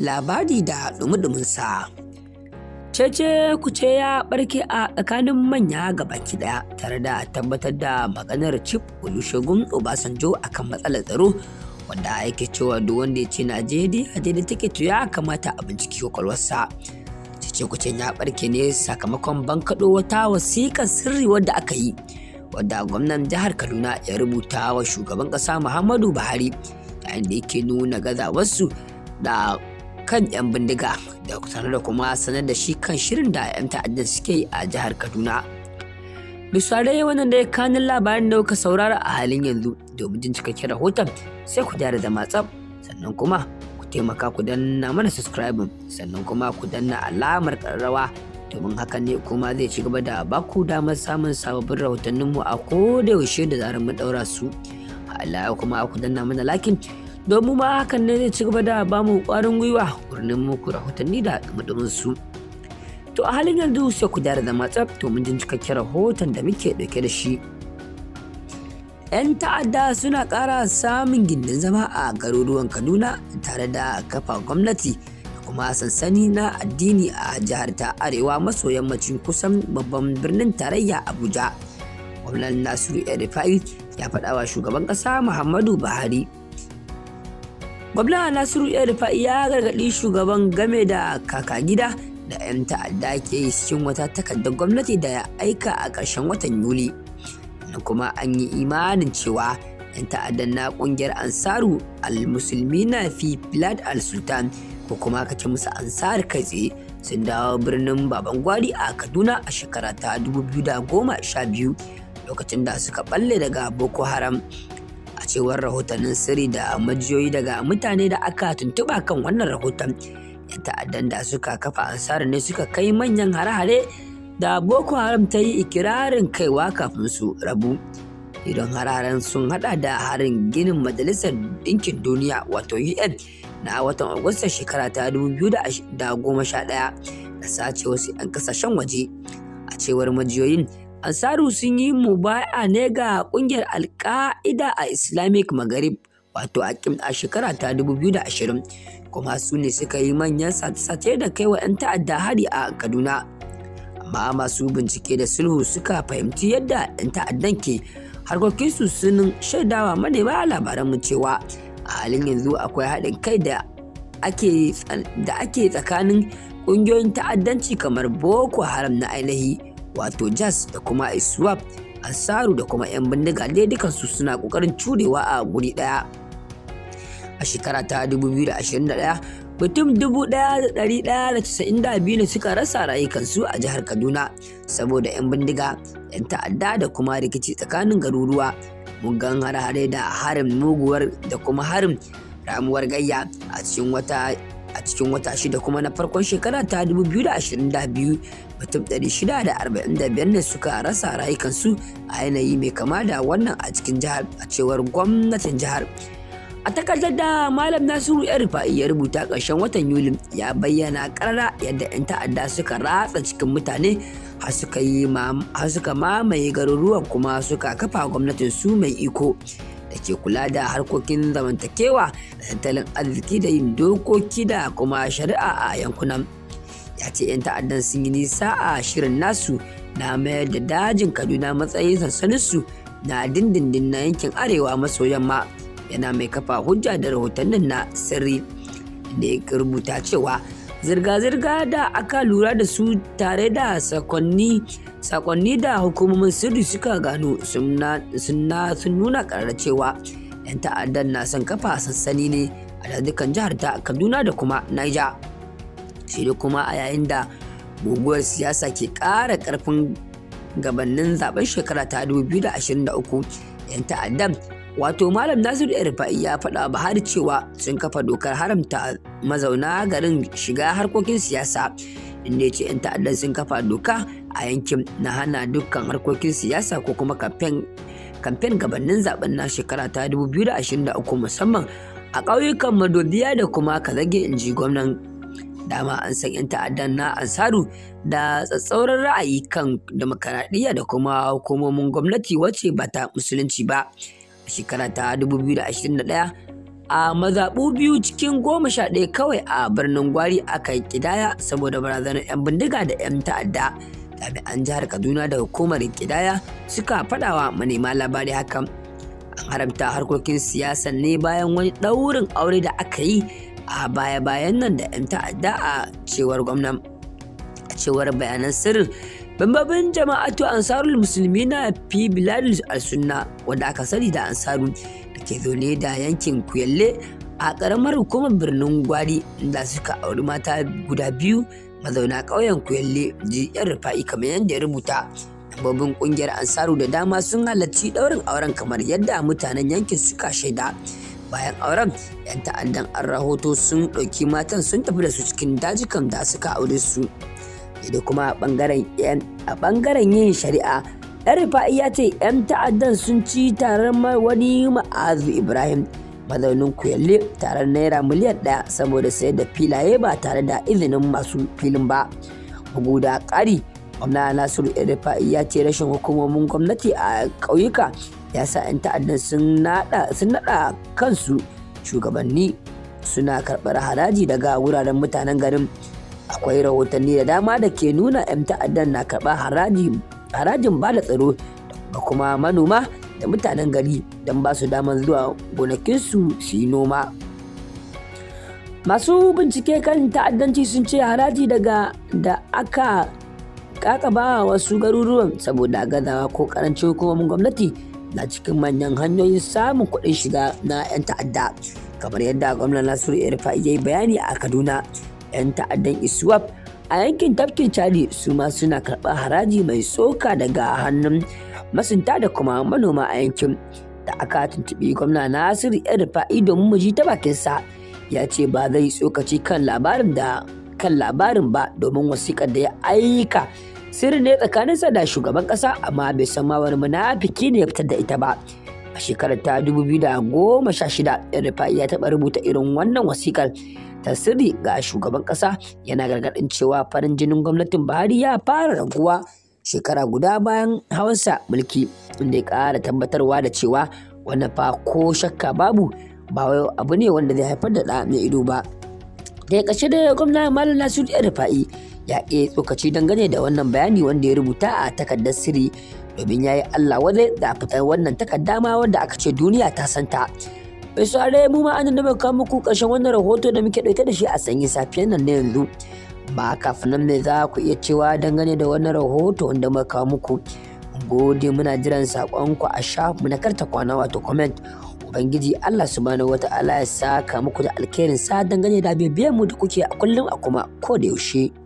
labari da dumudumunsa. Cece ku ce ya barke a tsakanin manya ga baki daya tare da tabbatar da maganar Chief Olusegun Obasanjo akan matsalar tsaro wanda yake cewa duk wanda ya ce Najeriya daidai take to ya kamata a binciki kwakwalwarsa. Cece ce ya barke ne sakamakon bankaɗo wata wasiƙar sirri wadda aka yi wadda gwamnan jihar Kaduna ya rubuta wa shugaban ƙasa Muhammadu Buhari yayin da yake nuna gazawarsu da kan 'yan bindiga da tare da kuma sanar da shi kan shirin da 'yan ta'addan suke yi a jihar kaduna bisa dai wannan ya kanin labarin da kuka saurara a halin yanzu domin jin cikakken rahoton sai ku dare da matsab sannan kuma ku taimaka ku danna mana subscribe sannan kuma ku danna alamar ƙararrawa domin haka ne kuma zai ci gaba da ku damar samun sababbin rahotanninmu a da yaushe da zarar mu daura su. Allah kuma ku danna mana lakin don mu ma hakan ne zai ci gaba da ba mu ƙwarin gwiwa wurin muku rahotanni da dumudumin su to a halin yanzu sai ku dara zama tsaf mun jin cikakken rahoton da muke dauke da shi 'yan ta'adda suna ƙara samun gindin zama a garuruwan kaduna tare da kafa gwamnati da kuma sansani na addini a jihar ta arewa maso yammacin kusan babban birnin tarayya abuja gwamnan nasiru el ya faɗawa shugaban ƙasa muhammadu buhari gwamna nasiru ya rufa'i ya gargaɗi shugaban game da kaka gida da 'yan ta'adda ke cikin wata takardar gwamnati da ya aika a ƙarshen watan yuli kuma an yi imanin cewa 'yan ta'addan na ƙungiyar ansaru al-musulmi na fi al-sultan ko kuma ka ce musu ansar kai tsaye sun dawo birnin baban gwari a kaduna a shekara ta 2012 lokacin da suka balle daga boko haram a cewar rahotannin sirri da majiyoyi daga mutane da aka tuntuɓa kan wannan rahoton yan ta'addan da suka kafa ansar ne suka kai manyan hare-hare da boko haram ta yi ikirarin kaiwa kafin su rabu idan hararen sun hada da harin ginin majalisar ɗinkin duniya wato un na watan agusta shekara ta 2011 da sace wasu 'yan kasashen waje a cewar majiyoyin Ansaru sun yi mubaya'a ne ga ƙungiyar Alƙa'ida a Islamic Maghrib wato a shekara ta 2020 kuma su ne suka yi manyan sace da kai wa 'yan ta'adda hari a Kaduna. Amma masu bincike da sulhu suka fahimci yadda 'yan ta'addan ke harkokinsu sun shaidawa manema labaranmu cewa a halin yanzu akwai haɗin kai da ake tsakanin ƙungiyoyin ta'addanci kamar Boko Haram na ainihi. wato jazz da kuma iswap Asaru da kuma 'yan bindiga dai dukansu suna kokarin curewa a guri daya a shekara ta 2021 mutum 1,192 ne suka rasa rayukansu a jihar kaduna saboda 'yan bindiga 'yan ta'adda da kuma rikici tsakanin garuruwa mun hare-hare da harin muguwar da kuma harin ramuwar gayya a cikin wata a cikin wata shida kuma na farkon shekara ta 2022 mutum 645 ne suka rasa rayukansu a yanayi mai kama da wannan a cikin jihar a cewar gwamnatin jihar a takardar da malam nasiru ya rufa'i ya rubuta ƙarshen watan yuli ya bayyana ƙarara yadda 'yan ta'adda suka ratsa cikin mutane har suka mamaye garuruwan kuma suka kafa gwamnatin su mai iko da ke kula da harkokin zamantakewa da tattalin arziki da yin dokoki da kuma shari'a a yankunan ya ce 'yan ta'addan sun yi nisa a shirin nasu na mayar da dajin kaduna matsayin sansaninsu na dindindin na yankin arewa maso yamma yana mai kafa hujja da rahotannin na sirri da ya rubuta cewa zirga-zirga da aka lura da su tare da sakonni da hukumomin sirri suka gano sun nuna karar cewa 'yan ta'addan na son kafa sansani ne a dukkan jihar ta kaduna da kuma niger shi da kuma a yayin da guguwar siyasa ke kara karfin gabanin zaben shekara ta 2023 'yan ta'addan wato malam nasiru irfa'i ya faɗa har cewa sun kafa dokar haramta mazauna garin shiga harkokin siyasa inda ce 'yan ta'addan sun kafa doka a yankin na hana dukkan harkokin siyasa ko kuma kamfen gabanin zaben na shekara ta 2023 musamman a ƙauyukan madobiya da kuma kazage in ji gwamnan dama an san 'yan ta'addan na ansaru da tsatsauran ra'ayi kan demokaradiyya da kuma hukumomin gwamnati wacce ba ta musulunci ba a shekara ta 2021 a mazaɓu biyu cikin goma sha ɗaya kawai a birnin gwari aka yi ƙidaya saboda barazanar 'yan bindiga da 'yan ta'adda jami'an jihar kaduna da hukumar ƙidaya suka faɗawa manema labari hakan an haramta harkokin siyasa ne bayan wani ɗaurin aure da aka yi a baya-bayan nan da 'yan ta'adda a cewar gwamnan a cewar bayanan sirrin Bambabin jama'atu ansarul musulmi na fi biladul al-sunna wanda aka sani da ansaru da ke zaune da yankin kuyalle a ƙaramar hukumar birnin gwari da suka auri mata guda biyu mazauna ƙauyen kuyalle 'yan rufa'i kamar yadda ya rubuta Bambabin ƙungiyar ansaru da dama sun halarci ɗaurin auren kamar yadda mutanen yankin suka shaida bayan auren yan ta'addan an rahoto sun ɗauki matan sun tafi da su cikin dajikan da suka aure su da kuma a bangaren yin shari'a yan rufa'i ya ce 'yan ta'addan sun ci taron wani ma'azu ibrahim mazaunin kuyalle taron naira miliyan ɗaya saboda sayar da filaye ba tare da izinin masu filin ba bugu da ƙari gwamna nasiru yan rufa'i ya ce rashin hukumomin gwamnati a ƙauyuka ya sa 'yan ta'addan sun naɗa kansu shugabanni suna karɓar haraji daga wuraren mutanen garin akwai rahotanni da dama da ke nuna 'yan ta'addan na karɓar harajin ba da tsaro da kuma manoma da mutanen gari don ba su damar zuwa gonakinsu su yi noma masu bincike kan ta'addanci sun ce haraji daga da aka kakaba wasu garuruwan saboda gazawa ko karancin hukumomin gwamnati na cikin manyan hanyoyin samun kuɗin shiga na 'yan ta'adda kamar yadda gwamnan nasiru irfa yayi bayani a kaduna 'yan ta'addan iswap a yankin tafkin chadi su ma suna karɓar haraji mai tsoka daga hannun masunta da kuma manoma a yankin da aka tuntuɓi gwamna nasiru yan rufa'i domin mu ji ta bakinsa ya ce ba zai tsokaci kan labarin da kan labarin ba domin wasiƙar da ya aika sirri ne tsakaninsa da shugaban ƙasa amma bai san ma wani munafiki ne ya fitar da ita ba a shekarar ta 2016 yan rufa'i ya taɓa rubuta irin wannan wasiƙar ta sirri ga shugaban ƙasa yana gargaɗin cewa farin jinin gwamnatin Buhari ya fara raguwa shekara guda bayan hawansa mulki inda ya ƙara tabbatarwa da cewa wannan fa ko shakka babu ba wai abu ne wanda zai haifar da ɗa ido ba. Da ya ƙarshe da gwamna Malam Nasiru Rufa'i ya iya tsokaci dangane da wannan bayani wanda ya rubuta a takardar sirri domin ya yi Allah wadai da fitar wannan takarda ma wadda aka ce duniya ta santa. Mai saurare mu ma an da kawo muku ƙarshen wannan rahoto da muke ɗauke da shi a sanyi safiyar nan na yanzu. Ba kafin nan me za ku iya cewa dangane da wannan rahoto wanda muka muku. Gode muna jiran saƙonku a shafinmu na karta kwana wato comment. Ubangiji Allah subhanahu wa ta'ala ya saka muku da alkhairin sa dangane da bibiyar mu da kuke a kullum a kuma ko da yaushe.